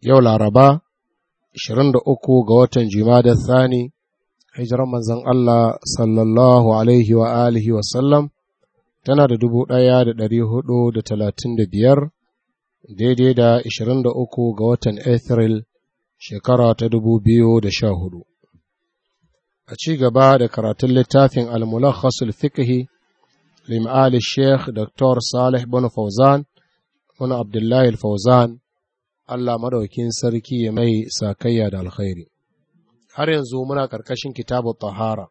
yau laraba 23 ga watan jimada thani hijiran manzan Allah sallallahu alaihi wa alihi wasallam tana da da biyar, daidai da 23 ga watan Afril shekara ta da sha hudu. a ci gaba da karatun littafin almulakhasul fiqhi lim'ali sheikh dr salih bin fauzan wani abdullahi fauzan Allah madaukin sarki ya mai sakayya da alkhairi har yanzu muna ƙarƙashin kitabu tahara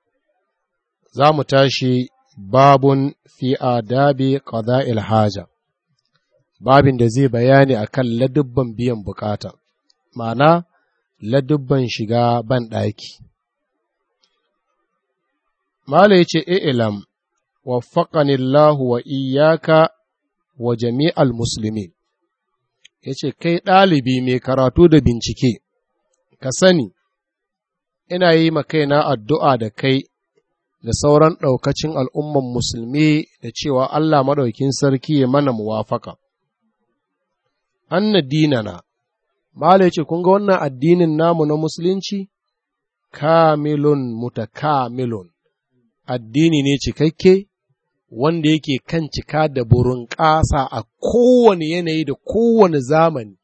za mu tashi babun fi adabi qada'il haja babin da zai bayani akan ladubban biyan bukata ma'ana ladubban shiga ban ɗaki Mala ya ce, Ilam, faƙanillahu wa iyaka wa jami'al musulmi, ya ce, Kai ɗalibi mai karatu da bincike, ka sani, ina yi ma kaina addu'a da kai da sauran ɗaukacin al'umman musulmi da cewa Allah maɗaukin sarki ya mana muwafaka. Anna dinana, Mala ce, kun ga wannan addinin namu na musulunci? Kamilun mutakamilun, addini ne cikakke, wanda yake kan cika da burin ƙasa a kowane yanayi da kowane zamani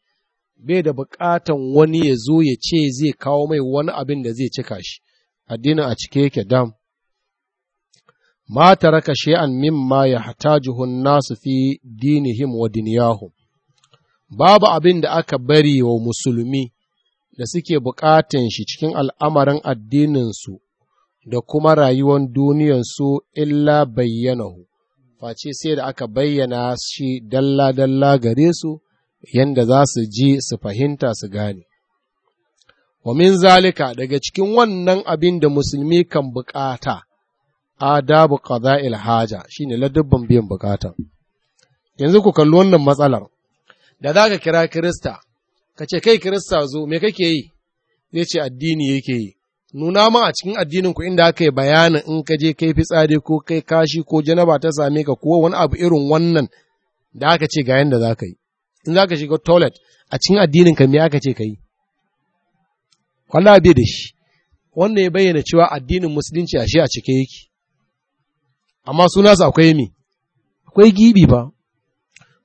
bai da buƙatan wani ya zo ya ce zai kawo mai wani abin da zai cika shi addinin a cike yake dam an min ma mimma hata jihun nasu fi dinihim wa duniyahu. babu abin da aka bari wa musulmi da suke buƙatan shi cikin al'amarin addininsu da kuma rayuwan duniyansu illa bayyanahu, face sai da aka bayyana shi dalla-dalla gare su yadda za su ji su fahimta su gane. Wa min zalika daga cikin wannan abin da musulmi kan bukata, adabu qada'il haja shine ladubban biyan bukata. Yanzu ku kalli wannan matsalar, da za ka kira Kirista, ka ce kai Kirista zo, me kake yi? Zai ce addini yake yi. nuna ma a cikin addinin ku inda aka yi bayanin in ka je kai fitsari ko kai kashi ko janaba ta same ka ko wani abu irin wannan da aka ce ga yanda za ka yi in za ka shiga toilet a cikin addinin ka me aka ce ka yi wallahi bai da shi wanda ya bayyana cewa addinin musulunci a shi a cike yake amma suna su akwai mi akwai gibi ba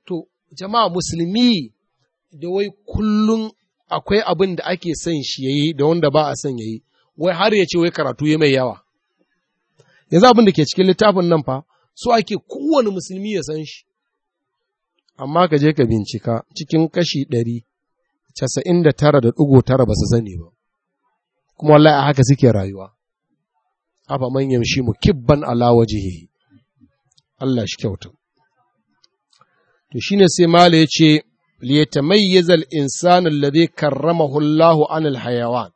to jama'a musulmi da wai kullum akwai abin da ake son shi yayi da wanda ba a son yayi wai har ya ce wai karatu ya mai yawa yanzu abin da ke cikin littafin nan fa so ake kowane musulmi ya san shi amma ka je ka bincika cikin kashi ɗari casa'in da tara da ɗugo tara ba su sani ba kuma wallahi a haka suke rayuwa afa man yamshi mu kibban alawa wajihi Allah shi kyauta to shi ne sai mala ya ce al-insan alladhi lade karrama hullahu anil hayawan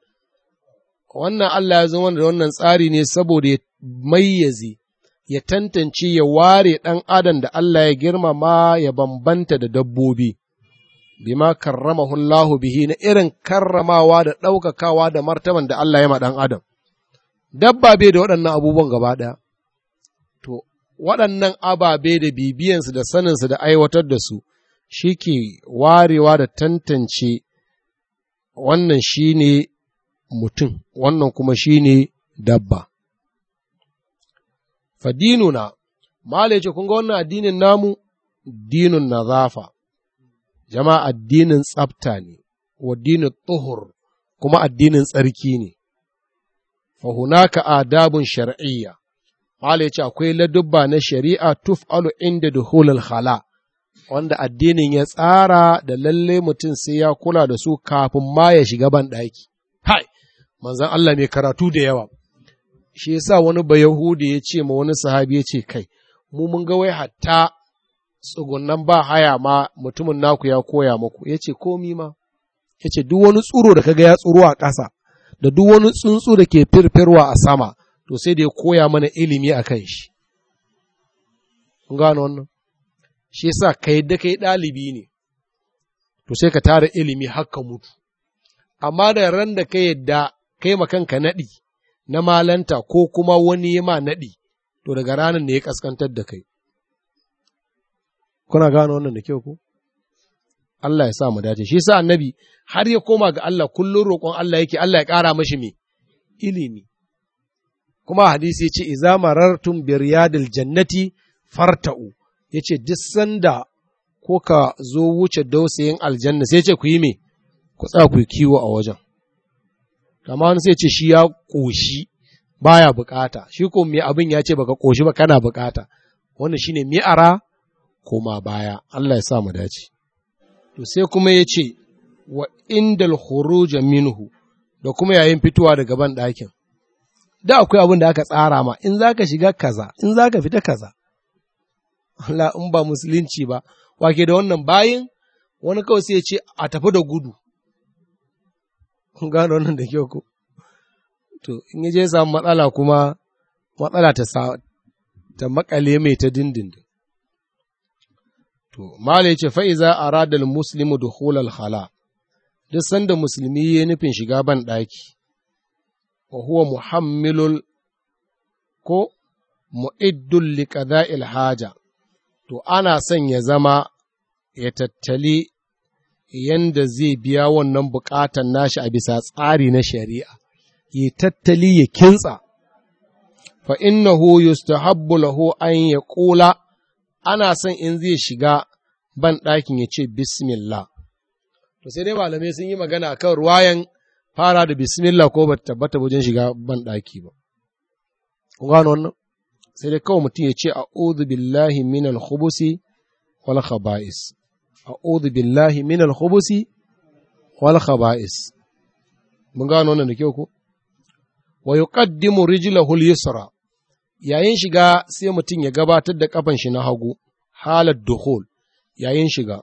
wannan Allah ya zama da wannan tsari ne saboda ya mayyaze ya tantance ya ware ɗan adam da Allah ya girmama ya bambanta da dabbobi bima karrama hullahu bihi na irin karramawa da ɗaukakawa da martaban da Allah ya ma ɗan adam dabba bai da waɗannan abubuwan gaba ɗaya to waɗannan ababe da bibiyansu da saninsu da aiwatar da su shi ke warewa da tantance wannan shi ne mutum wannan kuma shi ne dabba fadinuna mala yace kun ga wannan addinin namu dinun nazafa jama'a addinin tsafta ne wa dinin tuhur kuma addinin tsarki ne fahunaka adabun shari'iyya mala yace akwai ladubba na shari'a tuf'alu inda duhulul hala. wanda addinin ya tsara da lalle mutum sai ya kula da su kafin ma ya shiga ban ɗaki. Hai, manzan Allah mai karatu da yawa shi yasa wani bayahuda ya ce ma wani sahabi ya ce kai mu mun ga wai hatta tsugunnan ba haya ma mutumin naku ya koya muku ya ce komi ma ya ce duk wani tsuro da kaga ya tsuro a ƙasa da duk wani tsuntsu da ke firfirwa a sama to sai da ya koya mana ilimi a kan shi gano wannan shi yasa kai da kai ɗalibi ne to sai ka tara ilimi haka mutu amma da ran da ka yadda kai ma kanka naɗi na malanta ko kuma wani ma naɗi, to daga ranar ne ya ƙaskantar da kai. Kuna gano wannan da kyau ko? Allah ya sa mu dace, shi sa annabi har ya koma ga Allah kullum roƙon Allah yake Allah ya ƙara mashi me ilimi. Kuma hadisi ya ce, Iza marartum biryadil jannati farta'u, ya ce, duk sanda ko ka zo wuce dausayin aljanna sai ce ku yi me, ku tsaya ku yi kiwo a wajen. amma wani sai ce shi ya ƙoshi baya bukata shi ko mai abin ya ce baka ƙoshi ba kana bukata wannan shine mi'ara koma baya Allah ya sa mu dace to sai kuma ya ce wa indal khuruj minhu da kuma yayin fitowa daga ban ɗakin da akwai abin da aka tsara ma in zaka shiga kaza in zaka fita kaza Allah in ba musulunci ba wake da wannan bayin wani kawai sai ya ce a tafi da gudu kun gano wannan da kyau ku, to in yaje ya samu matsala kuma matsala ta sa makale mai ta dindindin to mala yace fa iza arada al muslimu dukhul al khala duk sanda musulmi ya nufin shiga ban daki wa huwa muhammilul ko mu'iddul li haja to ana son ya zama ya tattali yanda zai biya wannan bukatan nashi a bisa tsari na shari'a, yi tattali ya kintsa, fa innahu yustahabbu lahu an ya kula, ana son in zai shiga ban ɗakin ya ce bismillah. To sai dai malamai sun yi magana a kan ruwayan fara da bismillah ko ba tabbata wajen shiga ban ɗaki ba. Ku gano wannan? Sai dai kawai mutum ya ce a'udhu billahi minal khubusi wal khaba'is. a'udhu billahi minal al-khubusi wal khaba'is mun gano wannan da kyau ko wa yuqaddimu rijlahu al-yusra yayin shiga sai mutum ya gabatar da kafan shi na hagu halar dukhul yayin shiga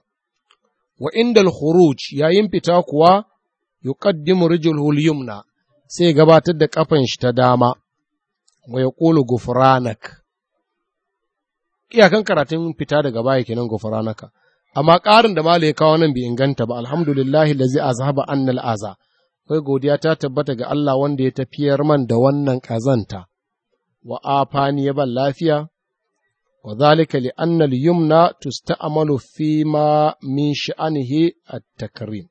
wa indal khuruj yayin fita kuwa yuqaddimu rijlahu al-yumna sai gabatar da kafan shi ta dama wa yaqulu gufranak iyakan karatun fita daga baya kenan gufranaka amma ƙarin da mala ya kawo nan bai inganta ba alhamdulillahi lazi azhaba annal aza kai godiya ta tabbata ga Allah wanda ya tafiyar man da wannan kazanta wa afani ya ban lafiya wa zalika li annal yumna tusta'malu fi ma min sha'anihi at takrim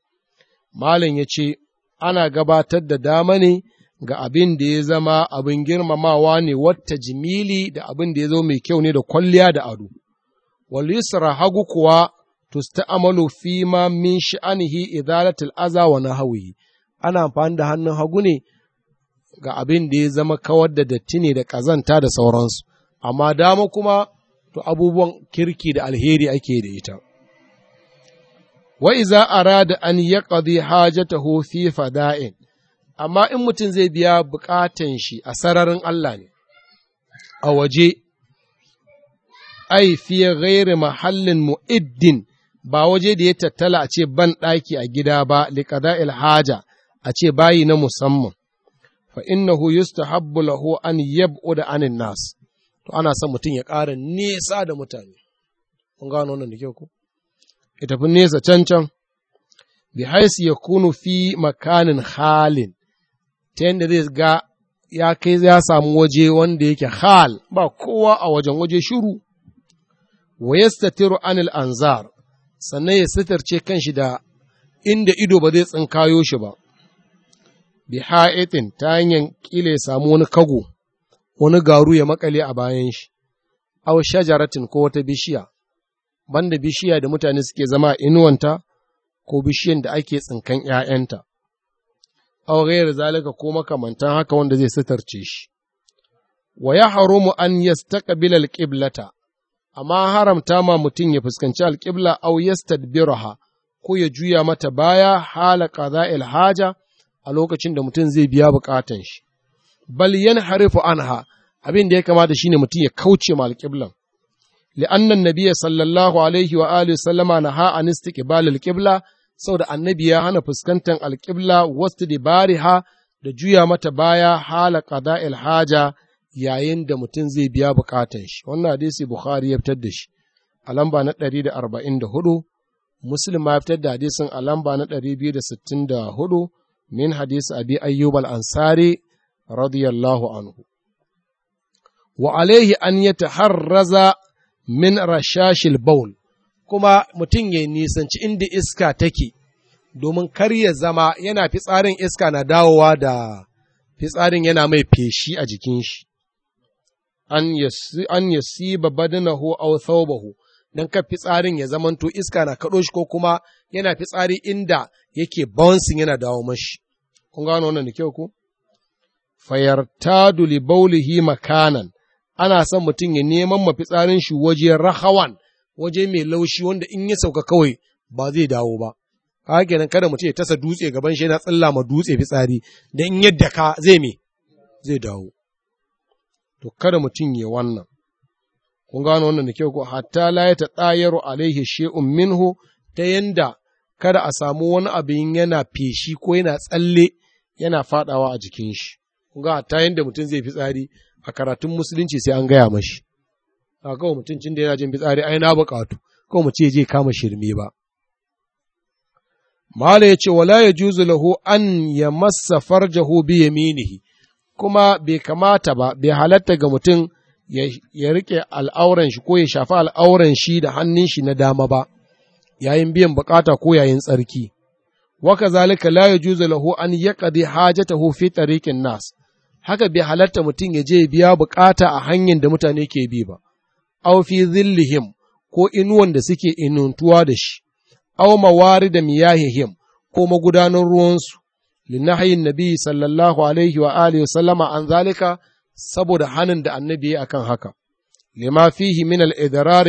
malam yace ana gabatar da dama ne ga abin da ya zama abin girmamawa ne wata jimili da abin da ya zo mai kyau ne da kwalliya da ado wal yusra hagu kuwa tusta'malu fi ma min sha'anihi idalatul aza wa nahwihi ana amfani da hannun hagu ne ga abin da ya zama kawar da datti ne da kazanta da sauransu amma dama kuma to abubuwan kirki da alheri ake da ita wa iza arada an yaqdi hajatahu fi fada'in amma in mutum zai biya bukatan shi a sararin Allah ne a waje ai fiye gairi mahallin mu'iddin ba waje da ya tattala a ce ban ɗaki a gida ba liƙada ilhaja a ce bayi na musamman fa innahu yustahabbu lahu an yab'u da anin nas to ana son mutum ya ƙara nesa da mutane kun gano wannan da kyau ko ya tafi nesa cancan. can bi haisi ya kunu fi makanin halin ta yadda zai ga ya kai ya samu waje wanda yake hal ba kowa a wajen waje shuru wa yastatiru anil anzar sannan ya sitarce shi da inda ido ba zai tsinkayo shi ba bi ha'itin ta hanyar kila ya samu wani kago wani garu ya makale a bayan shi aw shajaratin ko wata bishiya banda bishiya da mutane suke zama a inuwanta ko bishiyan da ake tsinkan ‘ya'yanta, aurayar zalika ko makamantan haka wanda zai sitarce shi, wa ya haramu an yastaqbilal qiblata amma haramta ma mutum ya fuskanci alƙibla au biroha ko ya juya mata baya hala qada'il haja a lokacin da mutum zai biya buƙatan shi bal yanharifu anha abin da ya kamata shine mutum ya kauce ma alƙiblan li'annan an sallallahu alaihi wa alihi sallama naha an istiqbal al saboda annabi ya hana fuskantar alƙibla wasu da da juya mata baya hala qada'il haja yayin da mutum zai biya bukatan shi wannan hadisi bukhari ya fitar da shi a lamba na 144 muslim ya fitar da hadisin a lamba na 264 min hadisi abi Ayyubal al-ansari radiyallahu anhu wa alaihi an yataharraza min rashashil baul kuma mutum ya nisanci inda iska take domin kar ya zama yana fitsarin iska na dawowa da fitsarin yana mai feshi a jikin shi an ho badanahu aw thawbahu dan ka fitsarin ya zamanto iska na kaɗo shi ko kuma yana fitsari inda yake bouncing yana dawo mashi kun gano wannan da kyau Fayar fayartadu li baulihi makanan ana son mutum ya neman mafitsarin shi waje rahawan waje mai laushi wanda in ya sauka kawai ba zai dawo ba haka kenan kada mutum ya tasa dutse gaban shi yana tsalla ma dutse fitsari dan yadda ka zai me zai dawo to kada mutum ya wannan. Kun gano wannan da kyau ko hatta la ya alaihi she'un minhu ta yanda kada a samu wani abin yana feshi ko yana tsalle yana faɗawa a jikin shi. Kun ga hatta yanda mutum zai fi tsari a karatun musulunci sai an gaya mashi. Ba kawai mutum cin da yana jin fitsari ai na buƙatu, kawai mu ce je kama shirme ba. Mala ya ce, wala ya juzu lahu an ya masa farjahu bi yaminihi, kuma bai kamata ba bai halatta ga mutum ya riƙe al'auran shi ko ya shafi al'auran shi da hannun shi na dama ba yayin biyan bukata ko yayin tsarki waka zalika la yajuzu lahu an yaqdi hajatahu fi tariqin nas haka bai halatta mutum ya je biya bukata a hanyar da mutane ke bi ba Au fi zillihim ko inuwan da suke inuntuwa da shi au mawari da miyahihim ko magudanar ruwansu linnahayin nabi sallallahu alaihi wa alihi sallama an zalika saboda hanin da annabi ya akan haka lima fihi min al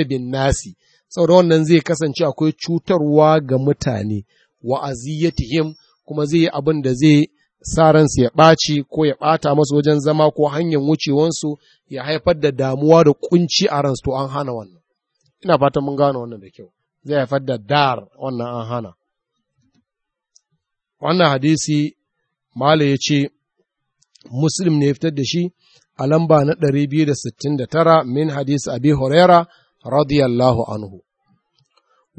bin nasi saboda wannan zai kasance akwai cutarwa ga mutane wa aziyatihim kuma zai yi abin da zai sa ransu ya ɓaci ko ya ɓata masu wajen zama ko hanyar wucewansu ya haifar da damuwa da kunci a ransu to an hana wannan ina fatan mun gano wannan da kyau zai haifar da dar wannan an hana wannan hadisi mala ya ce muslim ne fitar da shi a lamba na 269 min hadisi abi huraira radiyallahu anhu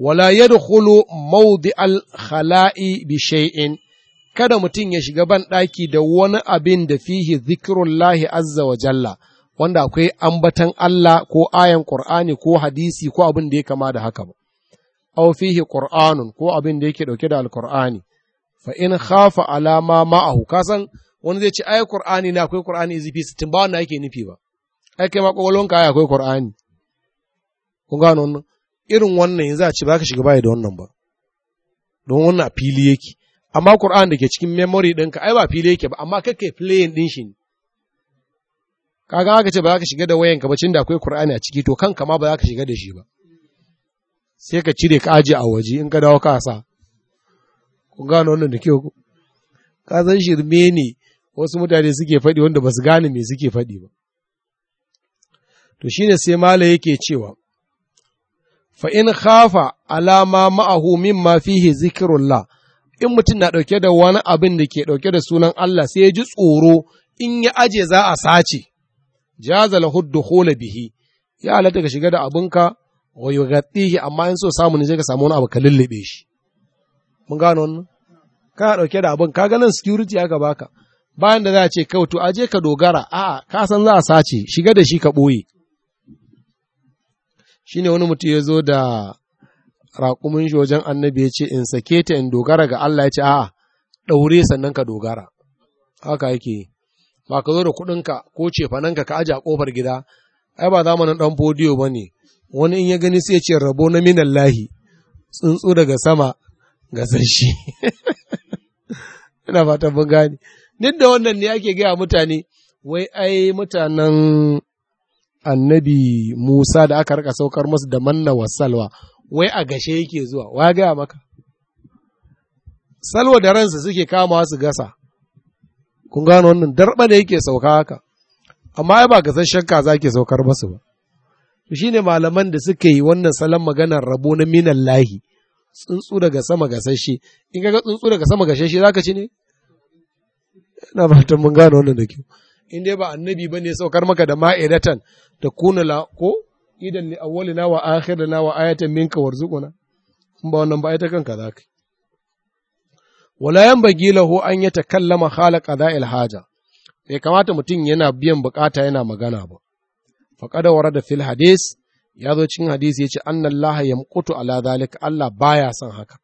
wala yadkhulu mawdi al khala'i bi shay'in kada mutum ya shiga ban daki da wani abin da fihi zikirullahi azza wa jalla wanda akwai ambatan Allah ko ayan Qur'ani ko hadisi ko abin da ya kama da haka ba aw fihi qur'anun ko abin da yake dauke da alqur'ani fa in khafa alama ma'ahu kasan wani zai ce ai qur'ani na akwai qur'ani izifi sittin ba wannan ake nufi ba ai kai ma kwakwalwanka ai akwai qur'ani kun gano wannan irin wannan yanzu a ce ba ka shiga baya da wannan ba don wannan a fili yake amma qur'ani da ke cikin memory ɗinka ai ba fili yake ba amma kake playing ɗin shi ne kaga aka ce ba za ka shiga da wayanka ba da akwai Qur'ani a ciki to kanka ma ba za ka shiga da shi ba sai ka cire ka aje a waje in ka dawo ka sa Kun gano wannan da kyau ka san shirme ne wasu mutane suke faɗi wanda ba su gane me suke faɗi ba to shine sai mala yake cewa fa in khafa alama ma'ahu mimma fihi zikrullah in mutum na ɗauke da wani abin da ke ɗauke da sunan Allah sai ya ji tsoro in ya aje za a sace jaza lahu bihi ya halatta ka shiga da abinka wa yughatihi amma in so samu ne sai ka samu wani abu ka lullube shi mun gano wannan ka dauke da abin ka ganin security aka baka bayan da za a ce kawai to aje ka dogara a'a ka san za a sace shiga da shi ka ɓoye shine wani mutum ya zo da raƙumin shi wajen annabi ya ce in sake ta in dogara ga Allah ya ce a'a ɗaure sannan ka dogara haka yake ba ka zo da kuɗinka ko cefananka ka aje a ƙofar gida ai ba zamanin ɗan fodiyo ba ne wani in ya gani sai ya ce rabo na minallahi tsuntsu daga sama gasashe ina fatan mun gane duk da wannan ne ake gaya mutane wai ai mutanen annabi Musa da aka rika saukar musu da manna wa salwa wai a gashe yake zuwa wa gaya maka salwa da ransa suke kama su gasa kun gano wannan darɓa da yake sauka haka amma ai ba gasasshen kaza ke saukar musu ba shi ne malaman da suka yi wannan salon maganar rabo na minan lahi tsuntsu daga sama gasashe in kaga tsuntsu daga sama gasashe zaka ci ne ina fatan mun gano wannan da kyau in dai ba annabi bane ya saukar maka da ma'idatan da kuna la ko idan li awwalina wa akhirina wa ayatan minka warzuquna in ba wannan ba ai ta kanka zaka wala yanbaghi lahu an yatakallama khalaqa dha'il haja bai kamata mutum yana biyan bukata yana magana ba faqad warada fil hadith ya zo cikin hadisi ya ce ya yamqutu ala zalika Allah baya son haka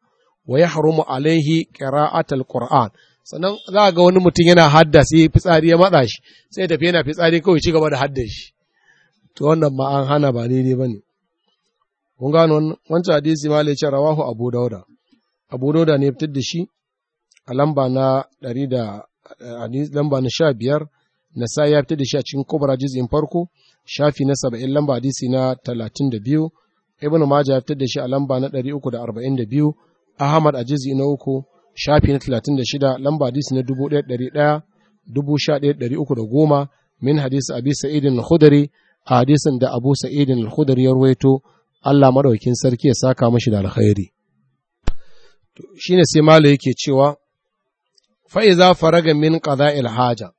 wa ya yahrumu alaihi qira'atul qur'an sannan za ga wani mutum yana hadda sai fitsari ya matsa shi sai tafi yana fitsari kawai ci gaba da hadda shi to wannan ma an hana ba daidai bane kun gano wancan hadisi ma lai ce rawahu abu dauda abu dauda ne fitar da shi a lamba na ɗari da lamba na sha biyar na sa ya fitar da shi a cikin kubra jizin farko shafi na saba'in lamba hadisi na talatin da biyu ibn maja ya fitar da shi a lamba na ɗari uku da arba'in da biyu ahmad a jizi na uku shafi na talatin da shida lamba hadisi na dubu ɗaya ɗari ɗaya dubu sha ɗaya ɗari uku da goma min hadisi abi sa'idin al-khudari a hadisin da abu sa'idin al-khudari ya ruwaito Allah maɗaukin sarki ya saka mashi da alkhairi shine sai malo yake cewa fa'iza faraga min qada'il haja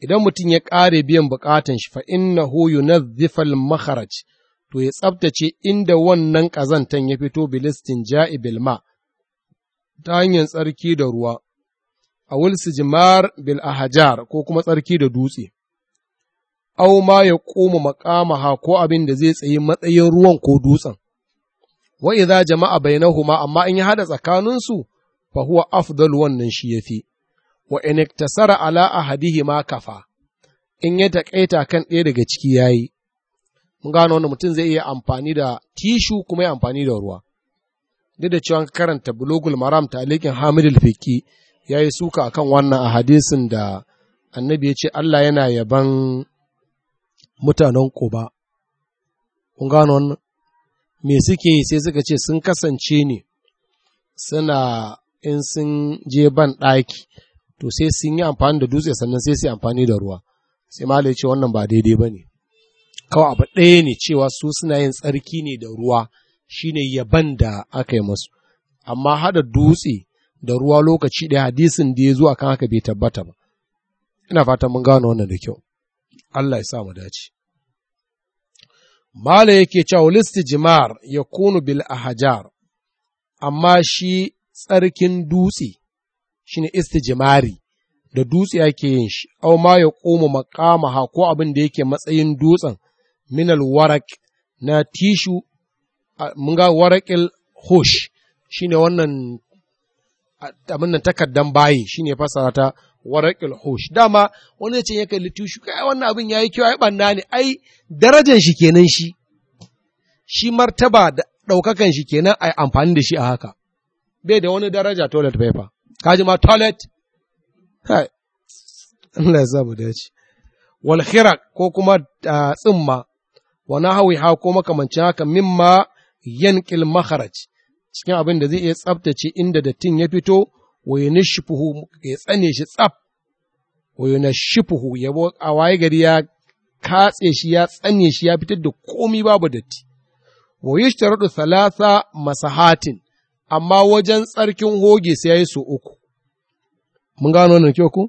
idan mutum ya ƙare biyan buƙatan shi fa innahu yunazzifal makhraj to ya tsabtace inda wannan ƙazantan ya fito bilistin ja'ibil bilma ta hanyar tsarki da ruwa, a wulsi jimar bil ahajar ko kuma tsarki da dutse, au ma ya ƙoma makamaha ko abin da zai tsayi matsayin ruwan ko dutsen, wa idza jama'a bainahuma amma in ya haɗa tsakaninsu fa huwa afdal wannan shi yafi wa iktasara ala ahadihi ma kafa in ya taƙaita kan ɗaya daga ciki yayi mun gano wanda mutum zai iya amfani da tishu kuma ya amfani da ruwa duk da cewa karanta bulogul maram talikin hamidul fiki yayi suka akan wannan ahadisin da annabi ya ce Allah yana yaban mutanen Quba. Kun gano wannan? Me suke yi sai suka ce sun kasance ne suna in sun je ban ɗaki to sai sun yi amfani da dutse sannan sai su amfani da ruwa sai malai ce wannan ba daidai ba ne kawai abu ɗaya ne cewa su suna yin tsarki ne da ruwa shine yaban da aka yi masu amma haɗa dutse da ruwa lokaci ɗaya hadisin da ya zo kan haka bai tabbata ba ina fata mun gano wannan da kyau Allah ya sa mu dace Mala yake cewa listijimar ya kunu bil ahajar, amma shi tsarkin dutse ne istijimari da dutse ake yin shi au ma ya koma makama ha ko abin da yake matsayin dutsen minal warak na tishu mun ga warakil hush shine wannan abin nan takaddan bayi shine fasara ta warakil hush dama wani ya ce ya kalli tishu kai wannan abin ya yi kyau ai banna ne ai darajar shi kenan shi shi martaba da ɗaukakan shi kenan ai amfani da shi a haka bai da wani daraja toilet paper kaji ma toilet Allah ya sa da dace wal khiraq ko kuma tsimma wa nahwi ha ko makamancin haka mimma yanqil makharaj cikin abin da zai iya tsaftace inda dattin ya fito wa yunashfuhu ya tsane shi tsaf wa yunashfuhu ya a waye gari ya katse shi ya tsane shi ya fitar da komi babu datti wa yushtaradu thalatha masahatin amma wajen tsarkin hoge sai ya yi so uku. Mun gano nan kyau ku?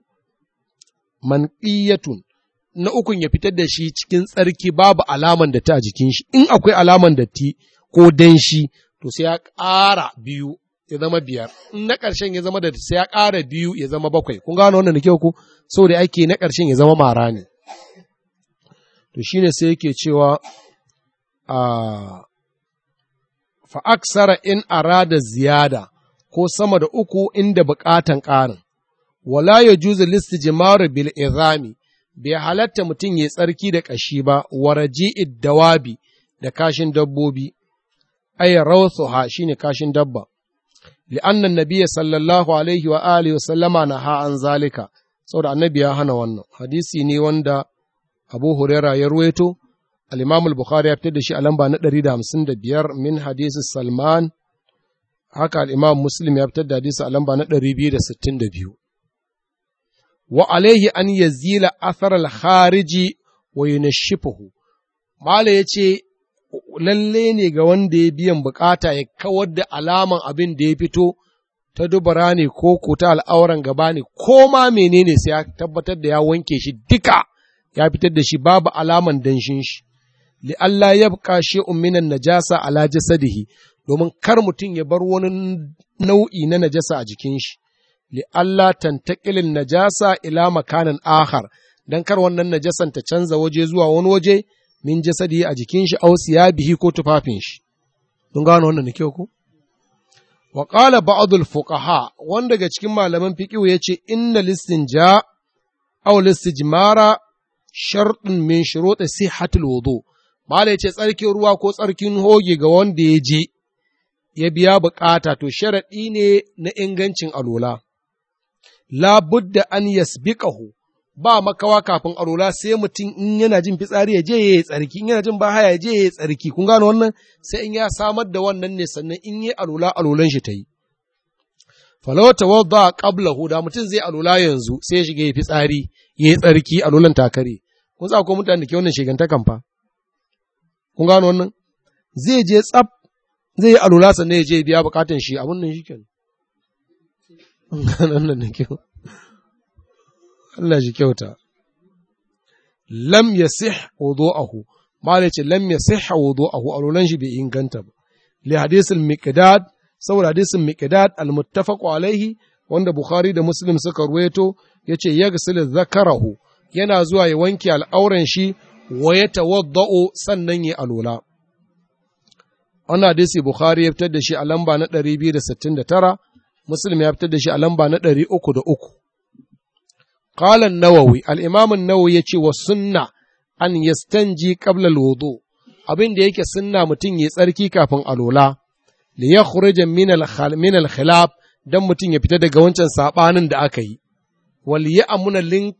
Manƙiyatun na ukun ya fitar da shi cikin tsarki babu alaman datti a jikin shi, in akwai alaman datti ko danshi to sai ya ƙara biyu ya zama biyar, in na ƙarshen ya zama da sai ya ƙara biyu ya zama bakwai, kun gano wannan da kyau ku? da ake na ƙarshen ya zama mara ne. To shine sai yake cewa a ah, fa aksara in arada ziyada ko sama da uku inda buƙatan ƙarin. Wala ya juzu listi jimaru bil izami, bai halatta mutum ya tsarki da ƙashi ba, waraji dawabi da kashin dabbobi, ai shi shine kashin dabba. Li'annan nabiyya sallallahu alaihi wa alihi sallama na ha an zalika saboda annabi ya hana wannan hadisi ne wanda Abu Huraira ya ruwaito al-Imam al-Bukhari ya fitar da shi a lamba na 155 min hadisi Salman haka al-Imam ya fitar da hadisi a lamba na 262 wa alaihi an yazila athar al-khariji wa yunashifuhu mala yace lalle ne ga wanda ya biyan bukata ya kawar da alaman abin da ya fito ta dubara ne ko ko ta al'auran gaba ne ko ma menene sai ya tabbatar da ya wanke shi duka ya fitar da shi babu alaman danshin shi li Allah ya buƙa shi'un minan najasa ala jasadihi domin kar mutum ya bar wani nau'i na najasa a jikin shi li Allah tantakilin najasa ila makanin ahar dan kar wannan najasan ta canza waje zuwa wani waje min jasadihi a jikin shi aw siyabihi ko tufafin shi waƙala gano wannan ne ku wa qala ba'd al fuqaha wanda daga cikin malaman fiqh yace inna listinja aw listijmara shartun min shuruti sihhatil wudu Mala ce tsarkin ruwa ko tsarkin hoge ga wanda ya je, ya biya bukata to sharaɗi ne na ingancin alola. Labudda an yasbiqahu ba makawa kafin alola sai mutum in yana jin fitsari ya je ya yi tsarki, in yana jin bahaya ya je ya yi tsarki, kun gane wannan sai in ya samar da wannan ne sannan in yi alola alolan shi ta yi. Falawata wadda ƙabla da mutum zai alola yanzu sai ya shiga ya fitsari ya yi tsarki alolan takare. Kun sa ko mutane da ke wannan shigantakan fa. kun gano wannan zai je tsaf zai yi alula sannan ya je biya bukatan shi abun nan shi kenan nan da kyau Allah shi kyauta lam yasih wudu'ahu mala ce lam yasih wudu'ahu alulan shi bai inganta ba li hadisul miqdad saboda hadisul miqdad al-muttafaq alaihi wanda bukhari da muslim suka ruwaito yace yagsilu zakarahu yana zuwa ya wanke al'auran shi wa ya tawadda'u sannan ya alola. Wannan hadisi Bukhari ya fitar da shi a lamba na 269, Muslim ya fitar da shi a lamba na 303. Qala an-Nawawi, al-Imam an-Nawawi yace wa sunna an yastanji qabla al-wudu. Abin da yake sunna mutum ya tsarki kafin alola, li yakhruja min al-khilaf dan mutum ya fita daga wancan sabanin da aka yi. Wal ya'muna lin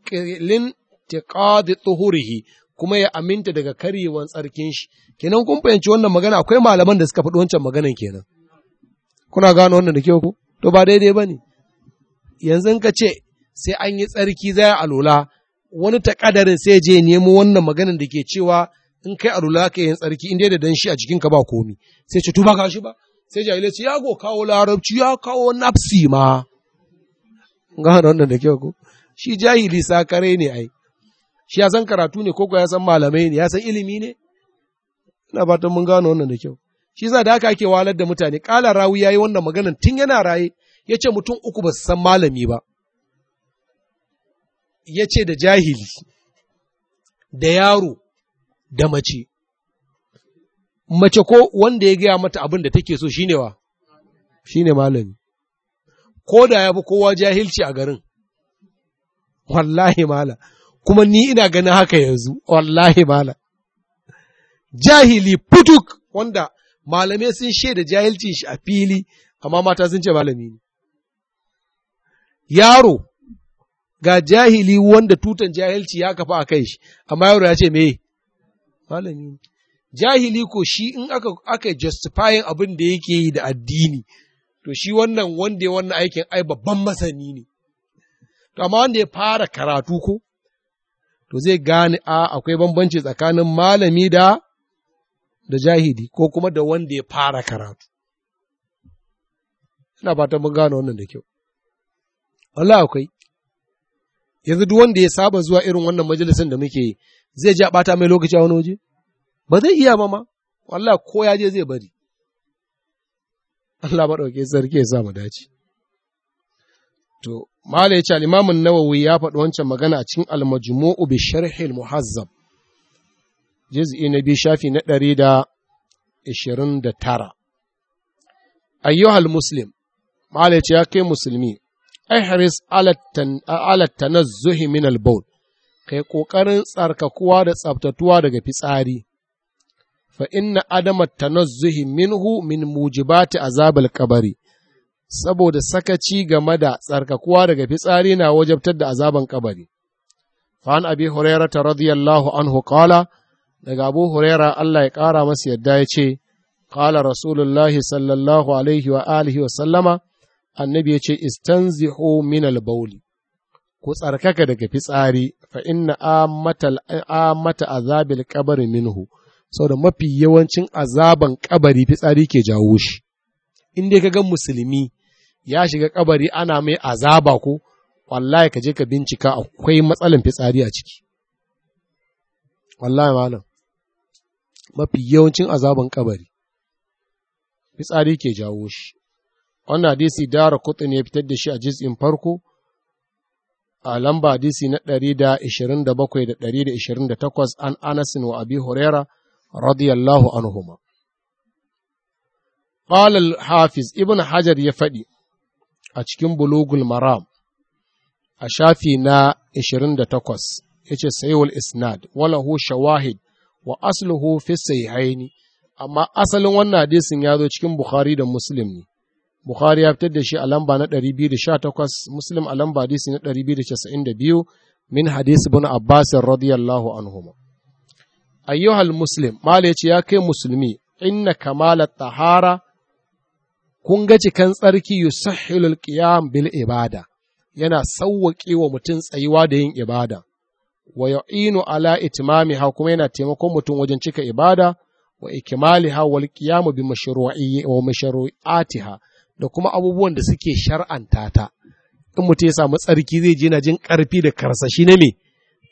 tiqadi tuhurihi kuma ya aminta daga karyewan tsarkin shi kenan kun fahimci wannan magana akwai malaman da suka faɗi wancan maganan kenan kuna gano wannan da ke ku to ba daidai ba ne. yanzu ka ce sai an yi tsarki za a alola wani takadarin sai je nemo wannan maganan da ke cewa in kai alula ka yin tsarki in dai da danshi a jikinka ba komi sai ce tuba ka shi ba sai jahilai ce ya go kawo larabci ya kawo nafsi ma gano wannan da ke ku? shi jahili sakare ne ai shi ya san karatu ne ko ya san malamai ne ya san ilimi ne ina fatan mun gano wannan da kyau shi yasa da aka ake walar da mutane kala rawi yayi wannan maganan tun yana raye yace mutum uku ba su san malami ba yace da jahili da yaro da mace mace ko wanda ya gaya mata abin da take so shine wa shine malami ko da ya fi kowa jahilci a garin wallahi malam kuma ni ina ganin haka yanzu wallahi malam jahili putuk wanda malamai sun shaida jahilcin shi a fili amma mata sun ce malami ne yaro ga jahili wanda tutan jahilci ya kafa a kai shi amma yaro ya ce me malami jahili ko shi in aka aka justifying abin da yake yi da addini to shi wannan wanda ya wannan aikin ai babban masani ne to amma wanda ya fara karatu ko to zai gane a akwai bambanci tsakanin malami da da jahidi ko kuma da wanda ya fara karatu. Ina fatan mun gane wannan da kyau. Allah akwai. Yanzu duk wanda ya saba zuwa irin wannan majalisin da muke yi, zai ji a mai lokaci a wani waje? Ba zai iya ba ma, Allah ko ya je zai bari. Allah maɗauke sarki ya sa mu dace. To, Mala ya ce al'imamun Nawawi ya faɗi wancan magana a cikin almajmu'u bi sharhil muhazzab, jiz'i na biyu shafi na ɗari da ishirin da tara. Ayyuhal Muslim, Mala ya ce ya kai musulmi, ihris ala tanazzuhi min al-bawl kai kokarin tsarkakuwa da tsabtatuwa daga fitsari fa inna adama tanazzuhi minhu min mujibati azab al-qabri saboda sakaci game da tsarkakuwa daga fitsari na wajabtar da azaban kabari. Fa'an abi Huraira ta radiyallahu anhu kala, daga abu Huraira Allah ya ƙara masa yadda ya ce, Kala Rasulullahi sallallahu alaihi wa alihi wa sallama, annabi ya ce, Istanzihu min albauli, ku tsarkaka daga fitsari, fa inna amata azabil kabari minhu, sau da mafi yawancin azaban kabari fitsari ke jawo shi. In dai ka ga musulmi ya shiga kabari ana mai azaba ko wallahi ka je ka bincika akwai matsalan fitsari a ciki wallahi malam mafi yawancin azaban kabari fitsari ke jawo shi wannan hadisi dara kutsin ya fitar da shi a jiz'in farko a lamba hadisi na 127 da 128 an anasin wa abi huraira radiyallahu anhuma قال الحافظ ابن حجر يفدي a cikin bulugul maram a shafi na 28 yace sayyul isnad walahu shawahid wa asluhu fi sahihaini amma asalin wannan hadisin ya zo cikin bukhari da muslim ne bukhari ya fitar da shi a lamba na 218 muslim a lamba hadisi na 292 min hadisi bin abbas radiyallahu anhuma ayyuhal muslim mala yace ya kai musulmi inna kamala tahara kun ga cikan tsarki yusahhilul qiyam bil ibada yana sawwaƙe wa mutum tsayuwa da yin ibada wa yu'inu ala itmamiha kuma yana taimakon mutum wajen cika ibada wa ikmaliha wal qiyam bi mashru'i wa mashru'atiha da kuma abubuwan da suke shar'anta ta in mutum ya samu tsarki zai ji na jin karfi da karsashi na me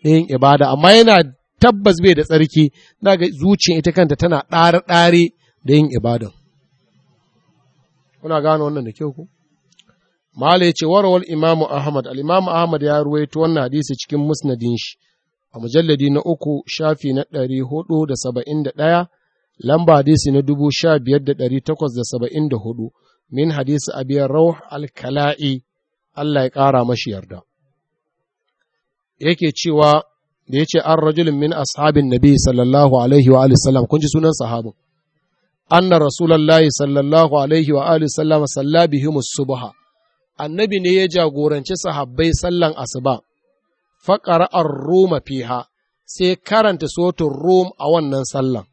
yin ibada amma yana tabbas bai da tsarki naga ga zuciya ita kanta tana ɗare-ɗare da yin ibadan kuna gano wannan da kyau ku mala ya ce warawar imamu ahmad al'imamu ahmad ya ruwaito wannan hadisi cikin musnadin shi a mujalladi na uku shafi na ɗari hudu da saba'in da ɗaya lamba hadisi na dubu sha biyar da ɗari takwas da saba'in da hudu min hadisi biyar rauh alkala'i allah ya ƙara mashi yarda yake cewa da ya ce an rajulun min ashabin nabi sallallahu alaihi wa sallam kun ji sunan sahabin anna Rasulallah sallallahu alaihi wa alihi sallama salla subha annabi ne ya jagoranci sahabbai sallan asuba faqara ar-ruma fiha sai karanta sotun rum a wannan sallan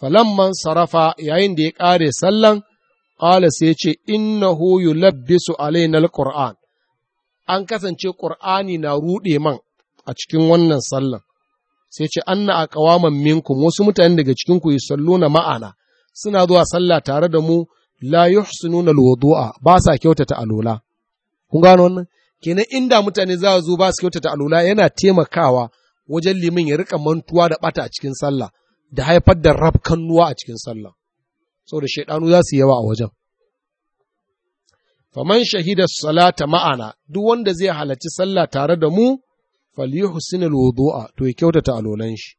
falamman sarafa yayin da ya ƙare sallan ƙala sai ce innahu yulabbisu alaina alquran an kasance qur'ani na ruɗe man a cikin wannan sallan sai ce anna aqwaman minkum wasu mutane daga cikin ku yusalluna ma'ana suna zuwa sallah tare da mu la yuhsinuna alwudu'a ba sa kyautata alola kun gano wannan kenan inda mutane za zo ba su kyautata alola yana taimakawa wajen limin ya rika mantuwa da bata a cikin sallah da haifar da nuwa a cikin sallah saboda shaidanu za su yawa a wajen faman shahida salata ma'ana duk wanda zai halarci sallah tare da mu falyuhsin alwudu'a to ya kyautata alolan shi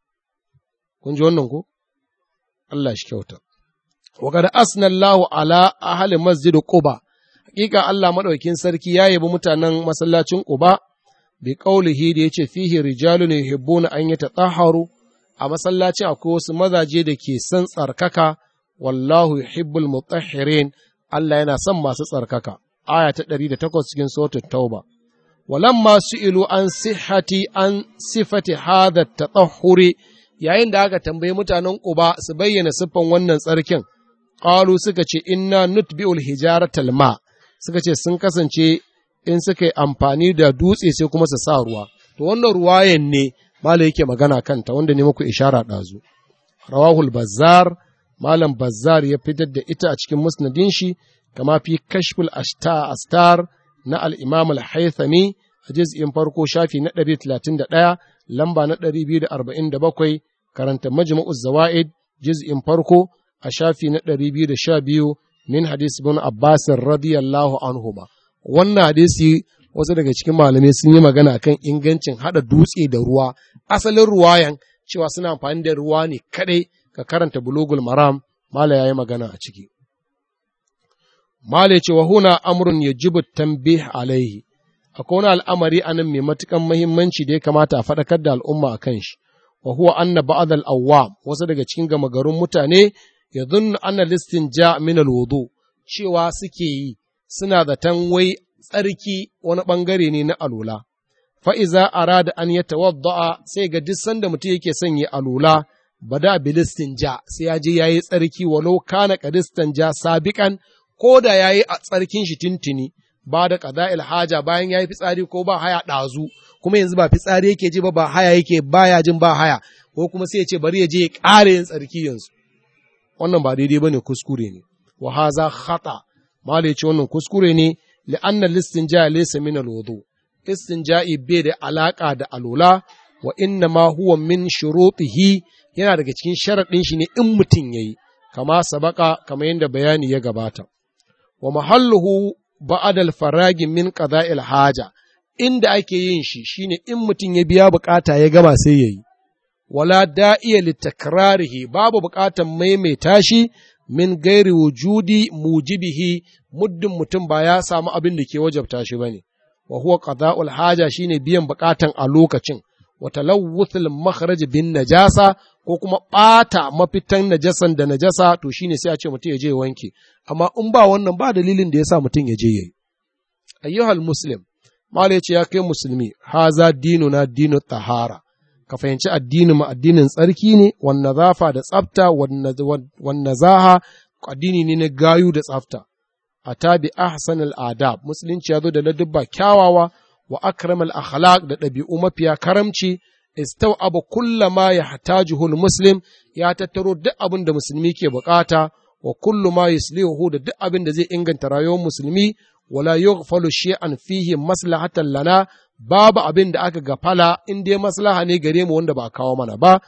kun ji wannan ko Allah shi kyauta wa qad asnallahu ala ahli masjid quba hakika Allah madaukin sarki ya yabi mutanen masallacin quba bi qaulihi da yace fihi rijalun yuhibbuna an yatatahharu a masallaci akwai wasu mazaje da ke son tsarkaka wallahu yuhibbul mutahhirin Allah yana son masu tsarkaka aya ta 108 cikin suratul tauba walamma su'ilu an sihhati an sifati hadha at-tatahhuri yayin da aka tambaye mutanen Quba su bayyana siffan wannan tsarkin ƙalu suka ce inna nutbi'ul hijaratal talma suka ce sun kasance in suka yi amfani da dutse sai kuma su sa ruwa to wannan ruwayan ne mala yake magana kanta wanda ne muku ishara ɗazu rawahul bazzar malam bazzar ya fitar da ita a cikin musnadin shi kama fi kashful ashta astar na al-imam al-haythami a juz'in farko shafi na 131 lamba na 247 karanta majmu'uz zawaid juz'in farko a shafi na 212 min hadisi bin Abbas radiyallahu anhu ba. Wannan hadisi wasu daga cikin malamai sun yi magana kan ingancin haɗa dutse da ruwa. Asalin ruwayan cewa suna amfani da ruwa ne kadai ka karanta bulugul maram mala ya yi magana a ciki. Mala ya ce wa huna Amurin ya jibu tambih alaihi. Akwai wani al'amari a nan mai matukan mahimmanci da ya kamata a faɗakar da al'umma a kan shi. Wa huwa anna ba'adal awwam wasu daga cikin gama garin mutane ya zunnu ana listin ja min alwudu cewa suke yi suna da wai tsarki wani ɓangare ne na alula. Fa'iza ara da an ya tawadda'a sai ga duk sanda mutum yake son ya alula bada bilistin ja sai ya je ya yi tsarki walau kana kadistan ja sabiƙan ko da ya yi a tsarkin shi tintini ba da ƙaza ilhaja bayan ya yi fitsari ko ba haya ɗazu kuma yanzu ba fitsari yake ji ba ba haya yake baya jin ba haya ko kuma sai ya ce bari ya je ya ƙara yin tsarki yanzu wannan ba daidai bane kuskure ne wa haza khata malai ce wannan kuskure ne li'anna listinja laysa min alwudu istinja'i bai da alaƙa da alula wa inna ma huwa min shurutihi yana daga cikin sharaɗin shi ne in mutum yayi kama sabaka kama yadda bayani ya gabata wa mahalluhu ba'adal faragi min qada'il haja inda ake yin shi shine in mutum ya biya bukata ya gaba sai yayi wala da'iya litakrarihi babu buƙatan maimaita shi min gairi wujudi mujibihi muddin mutum ba ya samu abin da ke wajabta shi bane wa huwa qada'ul haja shine biyan bukatan a lokacin wa talawuthul makhraj bin najasa ko kuma ɓata mafitan najasan da najasa to shine sai a ce mutum ya je wanke amma in ba wannan ba dalilin da ya sa mutum ya je yayi ayyuhal muslim mala ya ce ya kai musulmi haza dinuna dinu tahara ka fahimci addinin mu addinin tsarki ne wan zafa da tsafta wan zaha addini ne na gayu da tsafta A bi ahsanil adab musulunci ya zo da ladubba kyawawa wa akramal akhlaq da ɗabi'u mafiya karamci abu kullu ma yahtajuhu muslim ya tattaro duk abin da musulmi ke bukata wa kullu ma yuslihu da duk abin da zai inganta rayuwar musulmi wala yughfalu shay'an fihi maslahatan lana babu abin da aka gafala in dai maslaha ne gare mu wanda ba a kawo mana ba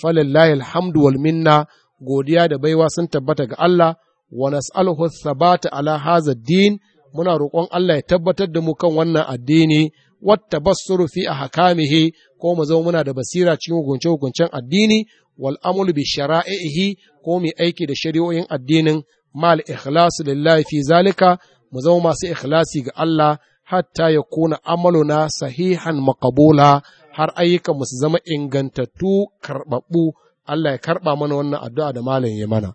falillahi alhamdu wal minna godiya da baiwa sun tabbata ga Allah wa nas'aluhu thabata ala hadha din muna roƙon Allah ya tabbatar da mu kan wannan addini wata tabassuru fi a hakamihi ko mu zama muna da basira cikin hukunce hukuncen addini wal amul bi shara'ihi ko mu aiki da shari'o'in addinin mal ikhlas lillahi fi zalika mu zama masu ikhlasi ga Allah hatta ya kuna amaluna sahihan makabula har ayyukan musu su zama ingantattu karɓaɓɓu Allah ya karɓa mana wannan addu'a da malam ya mana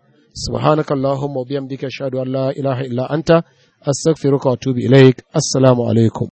subhanaka allahumma wa bihamdika ashhadu an la ilaha illa anta astaghfiruka wa atubu ilaik assalamu alaikum